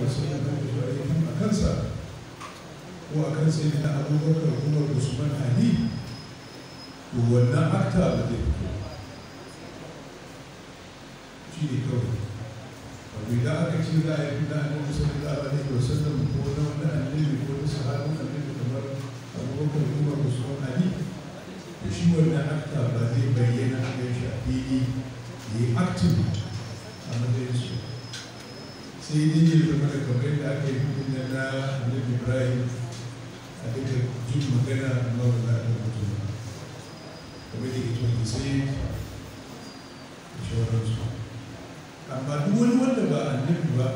wa sayyidina Ibrahim a kansa ko a kan sayyidina Abubakar Umar Usman Ali to wannan akta ba zai fito shi ne kawai wato idan aka ce za a yi fita a nan sallallahu alaihi wa sallam ko na wani annabi ko na sahabin annabi kamar Abubakar Umar Usman Ali to shi wannan akta ba zai bayyana a kan shi a fili ya yi aktin a matsayin su sai yake zama da kamar yadda yi hukun na annabi ibrahim a duka jin magana amma ba za a ɗan mutum ba kamar da ke cewa sai da shawararsu amma duk wani wanda ba annabi ba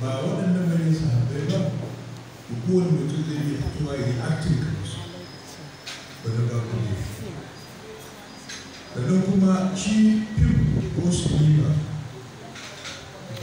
ba waɗannan bane sahabbai ba da kowane mutum zai iya fitowa ya yi aktin kamar su wanda ba ku ne sannan kuma shi fim ko su ba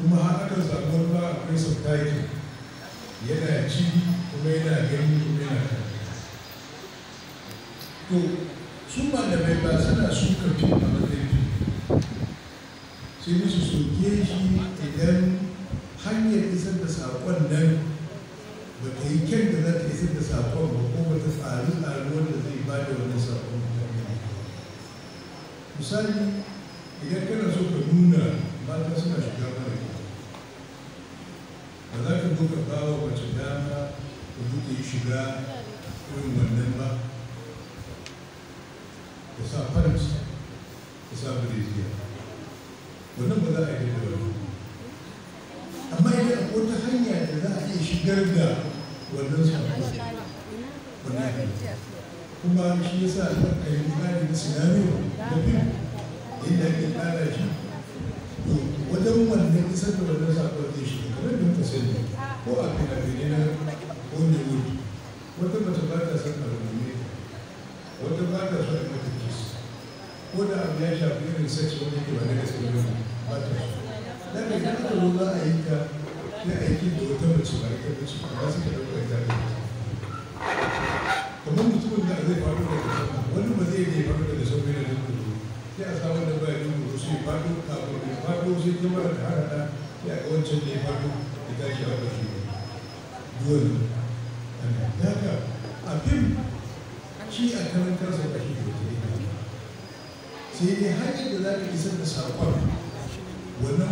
kuma har aka a kai akwai subtitle yana ci kuma yana gani kuma yana kalli to su malamai ba suna suka fi a matsayin sai musu soke shi idan hanyar isar da saƙon nan ba ta yi kyan da za ta isar da saƙon ba ko ba ta tsari tsari wanda zai ba da wani saƙon misali idan kana so ka nuna mata suna shiga mara ba za ka buka bawa wace dama ka buɗe shiga irin wannan ba ka sa farms ka sa bureziya wannan ba za a yi da wani amma idan akwai wata hanya da za a iya shigar da wannan sako wannan kuma shi ya sa yasa aka yi tsari na sinariyo da biyu inda ake tsara shi wajen wannan isar da wannan sako zai shiga kamar da muka ko a fina-finai na hollywood wata mace ba ta son arzume wata ba ta son matakis ko da abu ya shafi irin sex wanda ke ba na gaske ba ta so da ne kan da za a yi ta ya aiki da wata mace ba ita mace ba ba su ta ɗauka ita da kamar mutumin da zai faru da sama wani ba zai ne faru da sama yana nan kudu sai a samu da bayan nan kudu sai faɗo kafin faɗo sai kuma da harada sai a wancan ne faɗo da tashi a ƙarshe dole abin shi a karan kansa ba shi da ke sai dai hanyar da za ka isar da saƙon wannan